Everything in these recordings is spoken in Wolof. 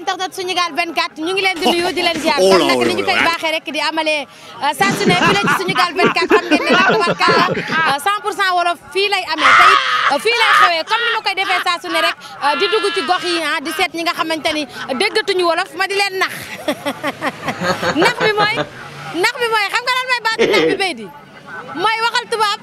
internet Sunugal 24 ñu ngi leen di nuyu di leen ziar oh, ni ñu koy baaxee rek di amalee euh, saa su di fii la ci Sunugal 24 xam ngeen ne nag tabarkalla 100 pour cent wolof fii lay amee tey euh, fii lay comme ni ma koy defee rek euh, di dugg ci gox yi ah, di seet ñi nga xamante ni déggatuñu wolof ma di leen nax nax bi mooy nax bi mooy xam nga lan mooy baatu tubaab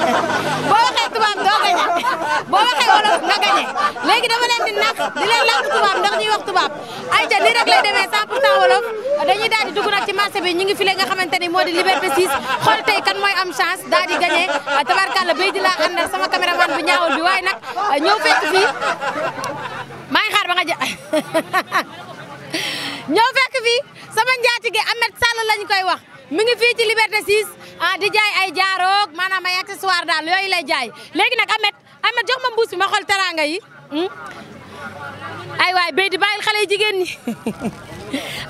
boo waxee tubaab doo gañe boo waxee wolof nga gañe léegi dama leen di nax di leen làkk tubaab ndax ñuy wax tubaab ayca nii rek wolof dañuy daal di dugg nag bi ñu ngi file nga xamante moo di Liberté 6 xool tey kan mooy am chance daal di gañe tabarkàlla béy di laa àndal sama caméraman bu ñaawul bi waay nag ñëw fekk fii maa ngi xaar ba nga ja ñëw fekk fii sama njaatige Ahmed Sall lañ koy wax mi ngi fii ci Liberté 6 ah di jaay ay jaaroog maanaam ay accessoire daal yooyu lay jaay léegi nag Amet Amet jox ma mbuus bi ma xool teraanga yi hmm? ay waay béy di bàyyil yi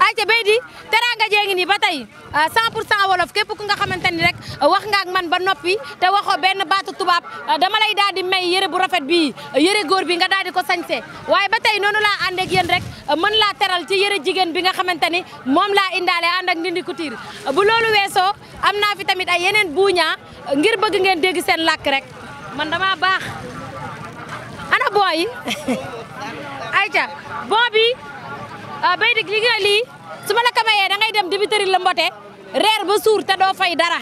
ayca béy di teraanga jee ngi nii ba tey 100 ah, pour cent wolof képp ku nga xamante ni rek wax nga ak man ba noppi te waxoo benn baatu tubaab ah, dama lay daal di may yëre bu rafet bi yére góor bi nga daal di ko sañse waaye ba tey noonu laa ànd ak yéen rek ah, man laa teral ci yëre jigéen bi nga xamante ni moom laa indaale ànd ak Ndindy Couture bu loolu weesoo am naa fi tamit ay yeneen buuñaa ngir bëgg ngeen dégg seen làkk rek man dama baax ana booy ayca boo Ah, bay dik li nga su ma la ko mayee da ngay dem dibitëri la mbote reer ba suur te doo fay dara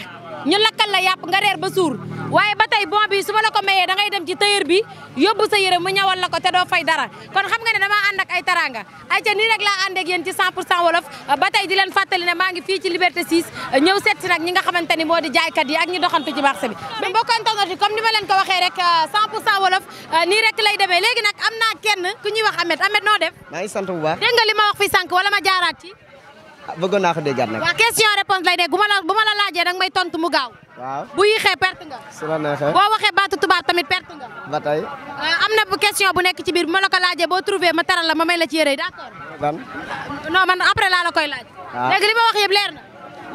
ñu lakkal la yàpp nga reer ba suur waaye ba tey bon bi su ma la ko mayee da dem ci tailleur bi yóbbu sa yére mu ñawal la te doo fay dara kon xam nga ne damaa ànd ak ay taranga ay ca nii rek laa ànd ak yéen ci 100 pour cent wolof ba tey di leen fàttali ne maa ngi fii ci Liberté 6 ñëw seet si ñi nga xamante ni moo di jaaykat yi ak ñi doxantu ci marché bi mais mbokkantonot yi comme ni ma leen ko waxee rek 100 euh, pour cent wolof euh, nii rek lay demee léegi nag am naa kenn ku ñuy wax Amet Amet noo def maa ngi sant bu baax dégg nga li ma wax fi ma jaaraat ci ah, bëggoon naa ko déggaat nag waaw question réponse lay dégg ma la bu ma la laajee danga mu gaaw waaw bu yéexee perte la neexee boo waxee baatu tubaab tamit perte nga. ba tey. Euh, am na bu question bu nekk ci biir bu ma la ko laajee boo trouvé ma taral la ma may la ci yére yi d' accord. man après laa la koy laaj. waaw ah. léegi li ma wax yëpp leer na.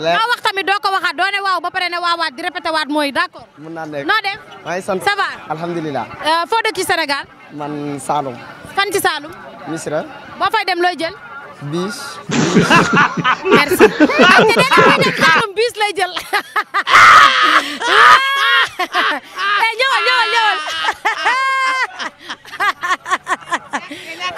leer wax tamit doo ko waxaat doo ne waaw ba pare ne waawaat di répété waat mooy d' accord. mun naa nekk noo def. maa ngi alhamdulilah. Euh, foo dëkk ci Sénégal. man Saloum. fan ci Saloum. Misra. boo fay dem looy jël. biis. merci. ah te nee na koy def xaarum biis lay jël. eh ñëwal ñëwal ñëwal.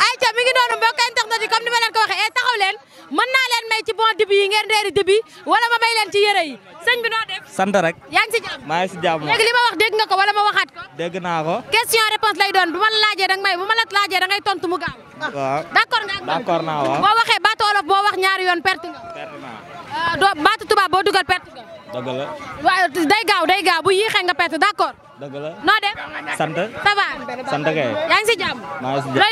ayca mi ngi noonu mbokk internet yi comme ni ma leen ko waxee eh taxaw leen mën naa leen may ci bon dibi yi ngeen reeri dibi wala ma may leen ci yére yi sëñ bi noo def. sant rek. yaa ngi si jàmm maa ngi si jàmm. léegi li ma wax dégg nga ko wala ma waxaat ko. dégg naa ko. question réponse lay doon bu ma la laajee danga may bu ma la laajee dangay tontu mu gaaw. waaw d'accord. d'accord naa waaw. boo waxee baatu olof boo wax ñaari yoon perte nga. perte naa euh, doo baatu tubaab boo dugal perte nga. dëgg la. waaw day gaaw day gaaw bu yéexee nga perte d'accord. dëgg la noo def. sant. ça va. sant yaa ngi si jàmm. maa ngi si jàmm looy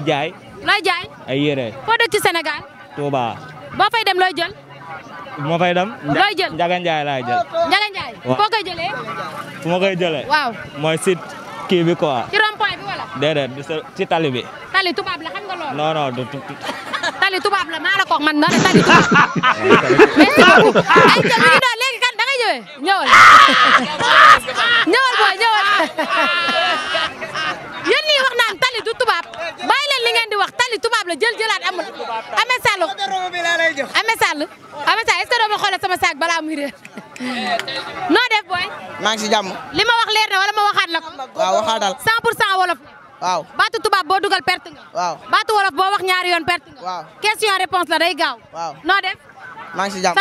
liggéey. man foo dëkk ci Sénégal. Touba. boo fay dem looy moo fay dem. looy jël Njaay laay jël. Njaga Njaay. kii bi quoi. ci rond point bi wala. déedéet ci tali bi. tali tubaab la xam nga loolu. non non du tali tubaab la maa la ko man noonu tali tubaab. ay jël mi ngi doon léegi kan da nga ñëwee ñëwal. ñëwal booy ñëwal. yéen ñii wax naan tali du tubaab bàyyi leen wax tali tubaab la jël jëlaat amul. Ahmed Sall Ahmed Sall Ahmed Sall est-ce que doo ma xoolal sama saak def booy. maa ngi si jàmm. li ma wax leer na wala ma waxaat la ko. waaw waxaatal wolof. waaw tubaab boo dugal perte nga. wolof boo wax ñaari yoon perte nga. waaw question réponse la day gaaw. waaw noo def. maa ngi da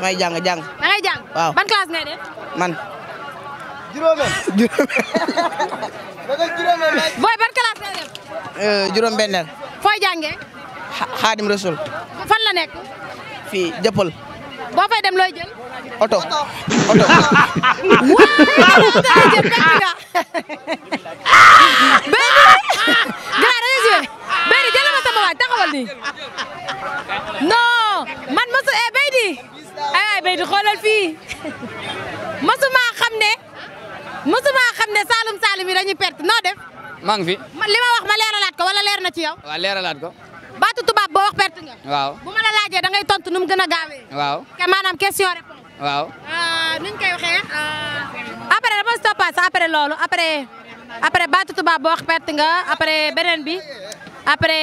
ngay ah? jàng. ban classe ngay def. man. booy ban euh, juróom-benneel. fooy jàngee. xaadim rasul. fan la nekk. fii jëppal. boo fay dem looy jël. oto oto. waaw daa jël benn nga. benn gars dañuy joué benn jëlee ma sama man mosu eh béy di ay eh, béy di xoolal fii mosuma xam ne. musuma xam ne Saalum Saalum yi dañuy perte noo def. maa ngi fi. li ma wax ma leeralaat ko wala leer na ci yow. waaw leeralaat ko. baatu tubaab boo wax perte nga. waaw bu ma la laajee da ngay tontu nu mu gën a gaawee. waaw te maanaam question réponse. waaw euh, nuñ koy waxee. Euh, après dama stoppaat sa après loolu après après baatu tubaab boo wax perte nga après beneen bi après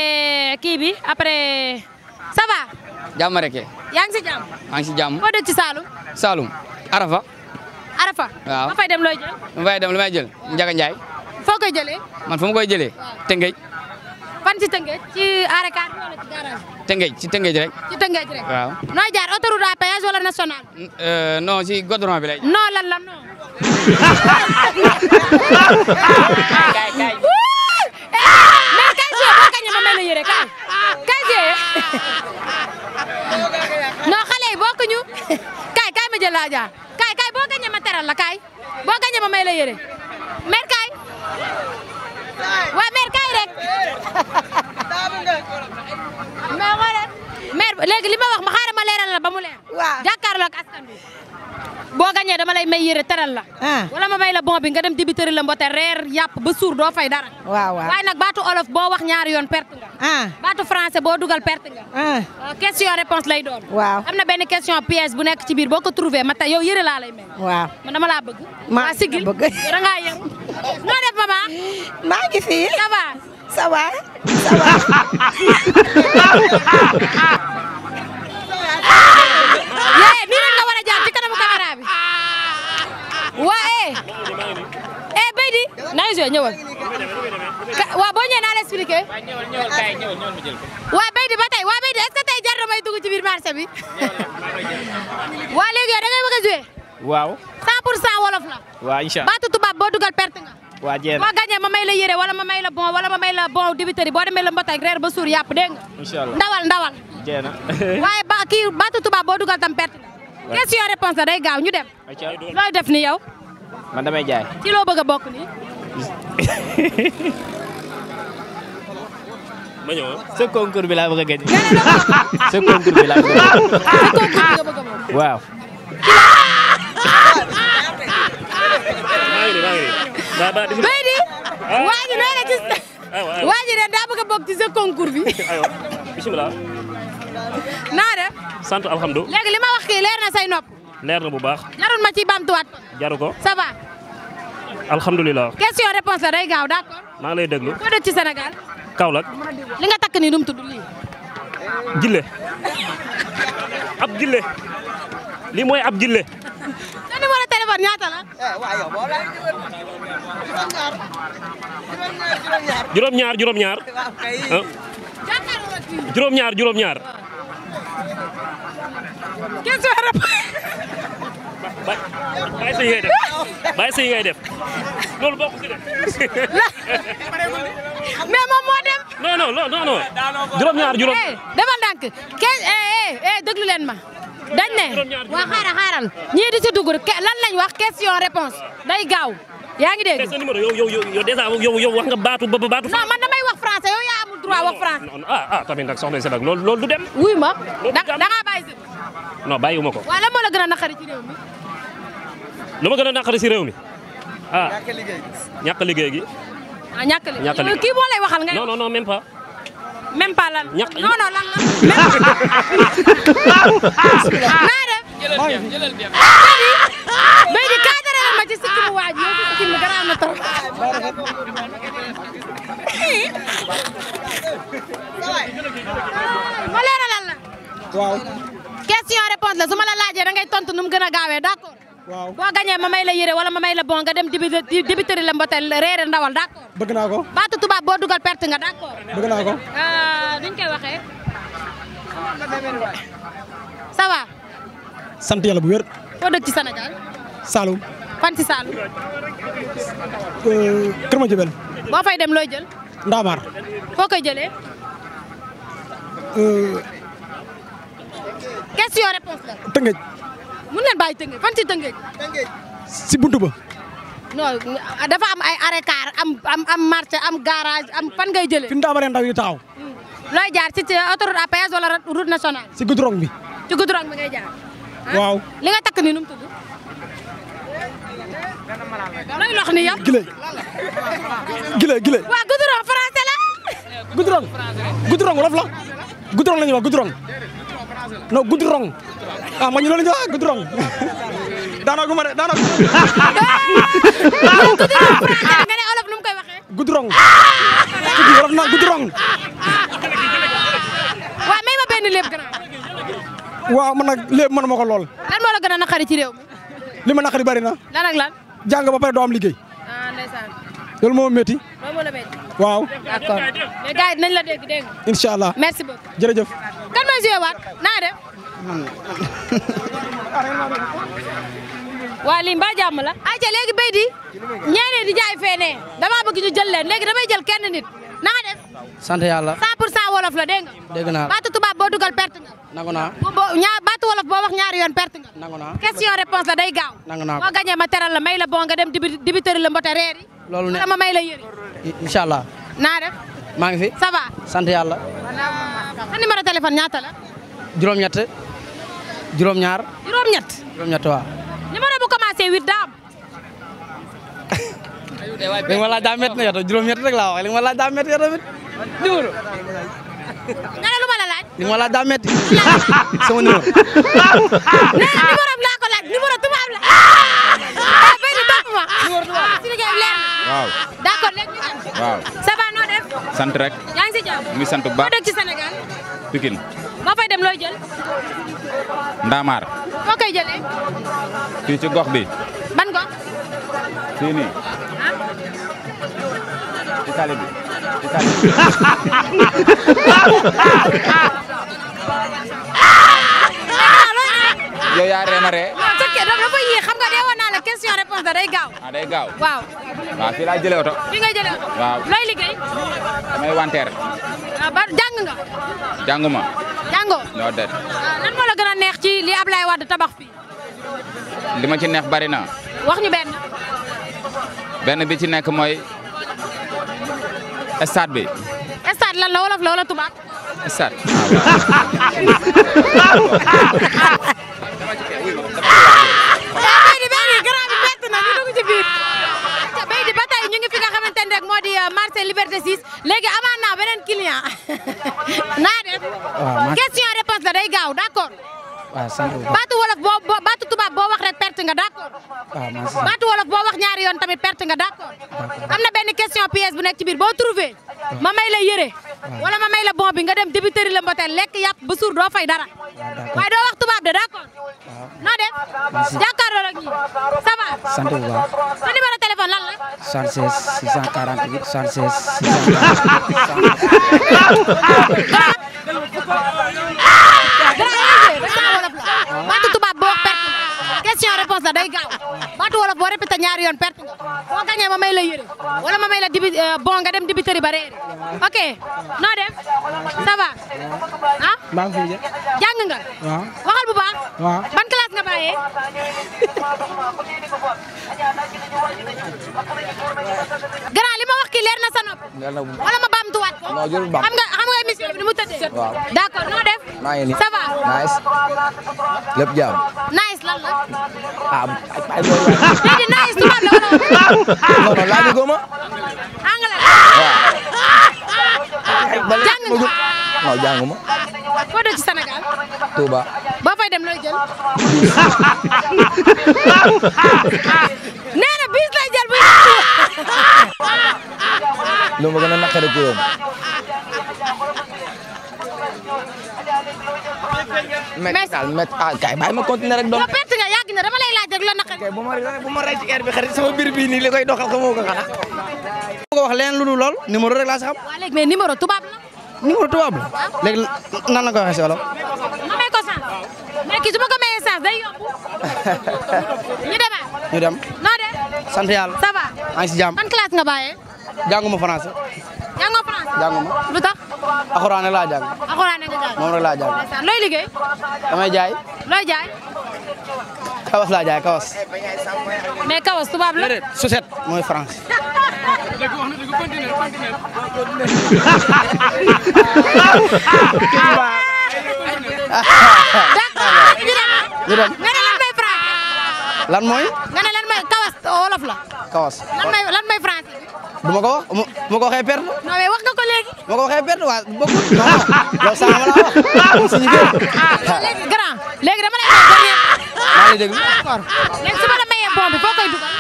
kii bi après ça va. jàmm rek. yaa ngi si jàmm. maa ngi si ci Saalum. Saalum Arafa. waaw ma fay dem looy jël. ma fay dem lu may jël Ndiaga Ndiaye. foo man fu mu koy jëlee. fan ci Tëngéej ci arekaar wala ci garage. Tëngéej jaar autoroute à péage wala national. Euh, non si goudron bi lay. non lan la non. Eh! kay kay. mais kay jee boo kay. kay ma jël laa kay kay boo. gañe ma teral la kaay boo gañe ma may rek mais wala maire léegi li ma wax ma xaaral ma leeral la ba mu leer. waaw jàkkaarloo ak boo gañee dama lay may yére teral la. Ah. wala ma may la bon bi nga dem dibiteri la mbote reer yàpp ba suur doo fay dara. waa waaw waaye baatu olof boo wax ñaari yoon perte nga. Ah. baatu français boo dugal perte nga. Ah. Euh, question réponse lay doon. waaw am na benn question pièce bu nekk ci biir boo ko trouvé ma tey yow yére laa lay may. waaw ma dama laa bëgg. maa sigil da ngaa yem. moo def maman. maa ngi ça va ça va. nii rek la war a jaar ci kanamu caméra bi. di. naa yus ñëwal. waaw boo ñëwee naa la expliqué. waaw béy di ba tey waaw di est ce que tey jar na bi. waa léegi yow da ngay bëgg a waaw. 100 pour 100 wolof la. waaw incha waa jéem boo gagné ma may la yére wala ma may la bon wala ma may la bon dibiteri boo demee la mbotay reer ba suur yàpp dégg nga. incha allah ndawal ndawal. waaye ba kii baatu tubaab boo dugal tam perte na. réponse day gaaw ñu dem. looy def ni yow. jaay. ci loo bëgg a bokk nii. ma ñëw sa ah. concours bi laa bëgg a gagné. sa ah, waaw. béy di waa ji nee de daa bëgg a bokk ci sa naa def. sant alhamdulilah. léegi li ma wax kii leer na say nopp. leer na bu baax. jarul ma ciy bamtuwaat. jaru ko ça va. question réponse la day gaaw d' maa ngi lay déglu. foo dëkk ci Sénégal. Kaolack. li nga takk nii nu mu Gille. ab Gille. lii mooy ab Gille. Mbapat ñaata la. Eh, waaw yow boo laay juróom-ñaar. juróom ngay ah. def bàyyi sëy bokk ci de. mais moom moo dem. non non non non juróom-ñaar juróom. Eh, dafa eh, leen ma. dañ ne waa xaaral xaaral ñii di ci dugg lan lañ wax question réponse day gaaw yaa ngi dégg. sa numéro yow yow yow dèjà yow yow wax nga baatu baatu. non man damay wax français yow yaa amul droit wax français. ah ah tamit nag soxna si nag loolu loolu du dem. wuy ma da ngaa bàyyi non bàyyiwuma ko. waaw lan moo la gën a naqari ci réew mi. lu ma gën a naqari si réew mi ah. ñàkk liggéey gi. ñàkk liggéey gi. ah ñàkk liggéey kii waxal nga. non non non même pas lan. non non lan la. naa def. jëlal bi béy di cadré la ma ci sikkimu waaj yow ci sikkim bi garaaw na trop. ma leeralal la. waaw. question réponse la su ma la laajee da ngay tontu nu mu gën a gaawee d'accord. waaw boo gañee ma may la yére wala ma may la bon nga dem dibiteri la mbotel reere ndawal d'accord bëgg naa ko baatu tubaab boo dugal perte nga d'accord bëgg naa ko duñ ah, koy waxee ça va bu wér foo dëkk ci Sénégal Saloum fan ci Saloum euh, Kër Madiabel boo fay dem looy jël ndaamaar foo koy jëlee euh, question réponse la mun leen bàyyi tëngéej fan ci tëngéej. si buntu ba. non dafa am ay arrêt am am am marché am garage am fan ngay jëlee. fi mu daa ndaw yi taxaw. Hmm. looy jaar ci autoroute à péage wala route nationale. si goudron bi. ci goudron bi ngay jaar. Ah. waaw li nga takk ni nu mu tudd. looy lox ni yow. gile gile gile. waaw goudron français la. goudron goudron wolof la goudron la ñuy non guddi rong ah ma ñu loolu ñu wax guddi rong daanaka ma de daanaka. nga ne olof rong. guddi rong. waaw may ma benn léeb gannaaw. waaw man nag léeb man ma ko lool. lan moo la gën a ci réew mi. li ma naqari bari na. lan ak lan. jàng ba pare doo liggéey. Ah, loolu moo métti. loolu la métti. waaw. d'accord kan mooy joué waat naa def. waa lii mbaa jàmm la. ayca léegi béy di ñeene di jaay fee ne damaa bëgg jël leen léegi damay jël kenn nit naa def. sant yàlla. 100 pour cent wolof la dégg nga. dégg naa baatu tubaab boo dugal perte nga. nangu naa ñaar baatu wolof boo wax ñaari yoon perte nga. nangu naa question la day gaaw. nangu naa boo gañee ma teral la may la bon nga dem dibi dibitëri la mbota reer yi. loolu ne ma may la yëri. incha naa def. maa ngi fi ça sant yàlla. sa numéro téléphone la. juróom-ñett juróom-ñaar. juróom-ñett juróom-ñett bu commencé huit daa am. ma laaj daa métti na yow juróom-ñett rek laa wax li ma laaj daa métti yow tamit numéro. nga ne lu la laaj. li ma laaj daa métti. sama numéro. nee na laa ko laaj numéro tubaab la. Ah, waaw. d'accord léegi waaw ça va sant rek. yaa ngi si jàmm. mu ngi sant bu baax ci Sénégal. Pikine. boo fay dem looy jël. Ndaamaar. foo koy jëlee. ci gox bi. ban gox. fii nii. ci ah. tali bi ci tali bi. Ah. yow yaa remaré. waaw nga dee woon la question réponse ah, day gaaw. ah fii laa jëlee oto. fii nga jëlee oto. looy liggéey. damay wanteer. ah nga. jànguma. jàngoo. non déet. Ah, lan moo la gën a neex ci li Ablaye Wade tabax fii. li ma ci neex bari na. wax ñu benn. benn bi ci nekk mooy stade bi. stade lan la wolof la wala tubaab. stade. sant bu baax baatu wolof boo tubaab boo wax rek perte nga d'accord. Ah, wolof boo wax ñaari yoon tamit perte nga d'accord. am question pièce bu nekk ci biir boo trouvé. ma may la wala ma may la bi nga dem débiteri la mbotel lekk yàpp ba suur doo fay dara. waaye doo wax tubaab de d'accord. noo def. jàkkaarloo ak ñi ça va. sant bu baax. sa numéro téléphone lan la. 76 648 76 648. réponse la day gaaw baatu wolof boo répété ñaari yoon perte nga boo gagné ma may la yëre wala ma may la dibi euh, bon nga dem dibiteri ba réer ok noo def ça ah. maa ngi fi nga. waaw bu baax. waaw classe nga bàyyee. grand li ma wax kii leer na sa nopp. wala ma baamtuwaat ko. xam nga. mu tëddee. waaw d'accord noo def. maa ngi nii ça va. nice lépp jàmm. nice lan la. ah ay léegi nice tubaab la wala. non non laaj ko ma. anglais. waaw. jàng nga. waaw jàngu ma. foo dëkk ci Sénégal. Touba. boo fay dem looy jël. nee na bis lay jël bu ñu. lu ma gën a naqari kuréel. mais daal mais ah kay bàyyi ma continuer rek. doon na perte nga yàgg na dama lay laaj rek la naka. kay bu ma bu ma rey ci air bi xarit sama biir bii nii li koy doxal xamoo ko xanaa. ko wax leneen lu dul lool numéro rek laa si xam. waaw léegi mais numéro tubaab la. numéro tubaab la ah. léegi nan la ko waxee si wolof. ma may ko sens mais kii su ma ko mayee sens day yomb. ñu demaat. ñu dem. noo def. sant yàlla. ça va. maa ngi si jàmm. ban classe nga bàyyee. jànguma français. jànguma français. jànguma lu tax. alxuraan laa jàng. alxuraan nga jàng looy liggéey. damay jaay. looy jaay. kawas laa kawas. mais kawas tubaab la. suset mooy France. lan mooy. nga mooy kawas wolof la. kawas lan mooy France. bu ma ko wax bu ma ko waxee perte. non wax nga ko léegi. bu ma ko waxee perte waaw bokkul. non yow sama la wax. Ah, suñu géej. Ah, ah, léegi grand léegi dama lay wax dernier. maa ngi dégg. d'accord léegi su ma la mayee bon bi foo koy dugal.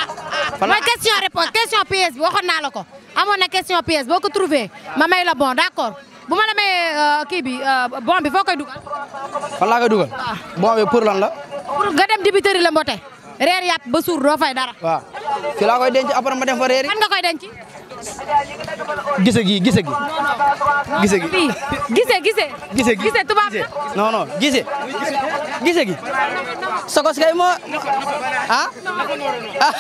fan mooy question réponse question pièce bi naa la ko amoon na question pièce boo ko trouvé ma may la bon d'accord bu ma la mayee euh, kii bi euh, bon bi foo koy dugal. fan laa koy dugal. pour la. pour nga dem dibiteri la mbote. reer ba suur doo fay dara. waaw fi laa koy dem koy denc. gise gi gise gi. gise gi gise gise. gise gi gise tubaab la non non gise. gise gi sokos kay moo ah? ah.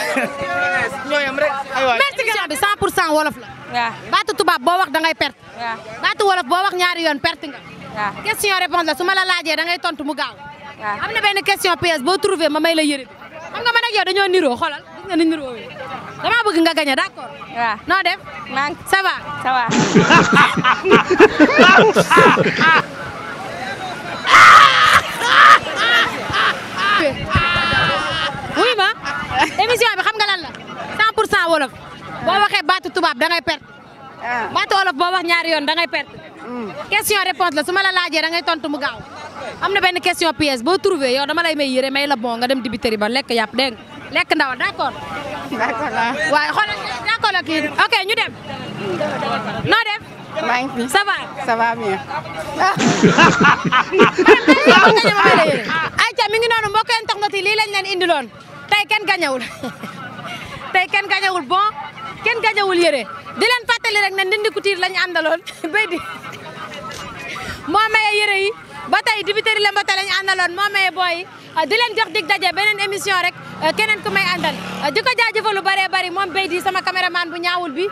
perte émission bi 100 pour cent wolof la. waaw baatu tubaab boo wax da ngay perte. waaw baatu wolof boo wax ñaari yoon perte nga. waaw question réponse la su ma la laajee da ngay tontu mu gaaw. waaw am na benn question PS boo trouvé ma may la yëre bi xam nga man ak ni niroo dama bëgg nga gagné d'accord. waaw noo def. maa ngi ça va. ça va. wuy ma émission bi xam nga lan la 100 pour cent wolof boo waxee baatu tubaab da ngay perte. Ah. baatu wolof boo wax ñaari yoon da ngay perte. Mm. question réponse la su ma la laajee da ngay tontu mu gaaw am na benn question pièce boo trouvé yow dama lay may yére may la bon nga dem dibiteri ba lekk yàpp dégg nga lekk ndawal d'accord. d'accord waaw. waaye xoolal d'accord ak kii ok ñu dem. noo def. maa ngi fi ça va. ça va bien. noonu mbokk yi tax na lii lañ leen indiloon tey kenn gañewul tey kenn gañewul bon kenn gañewul yére di leen fàttali rek ne ndindi couture lañ àndaloon béy di moo maye yére yi. ba tey dibiteri Lembaté lañ àndaloon moo may booy di leen jox dig daje beneen émission rek euh, keneen ku may àndal euh, di ko jaajëfal lu bëree moom béy di sama caméraman bu ñaawul bi.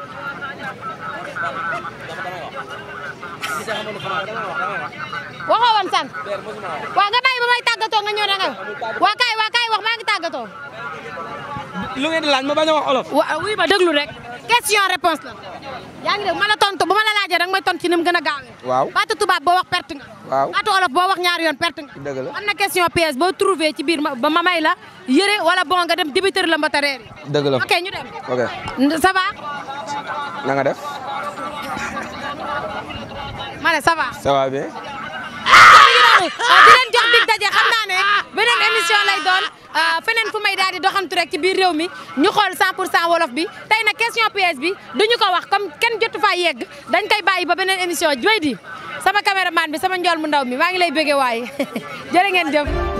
waxoo woon sànq waaw nga bàyyi ba may tàggatoo nga ñëw na waa kaay waa kaay wax maa ngi lu ngeen di ma bañ wax olof. waaw wuy ma déglu rek. question réponse la yaa ngi dégg ma la tontu bu ma la laajee danga may tontu ci ni mu gën a gaawee. waaw baatu tubaab boo wax perte nga. waaw baatu olof boo wax ñaari yoon perte nga. dëgg la am na question PS boo trouvé ci biir ba ma may la yëre wala bon nga dem débiteur la mbata reer yi. dëgg la ok ñu dem. ok ça va. na nga def. ma ne ça va. ça va bien. Ah, di leen jox dig daje xam naa ne beneen émission lay doon. Ah, feneen fu may daal di doxantu rek ci biir réew mi ñu xool 100 pour cent wolof bi tey nag question PS bi ñu ko wax comme kenn jotu faa yegg dañ koy bàyyi ba beneen émission joy di sama caméraman bi sama njool mu ndaw mi maa ngi lay bëggee waaye jërë ngeen jëf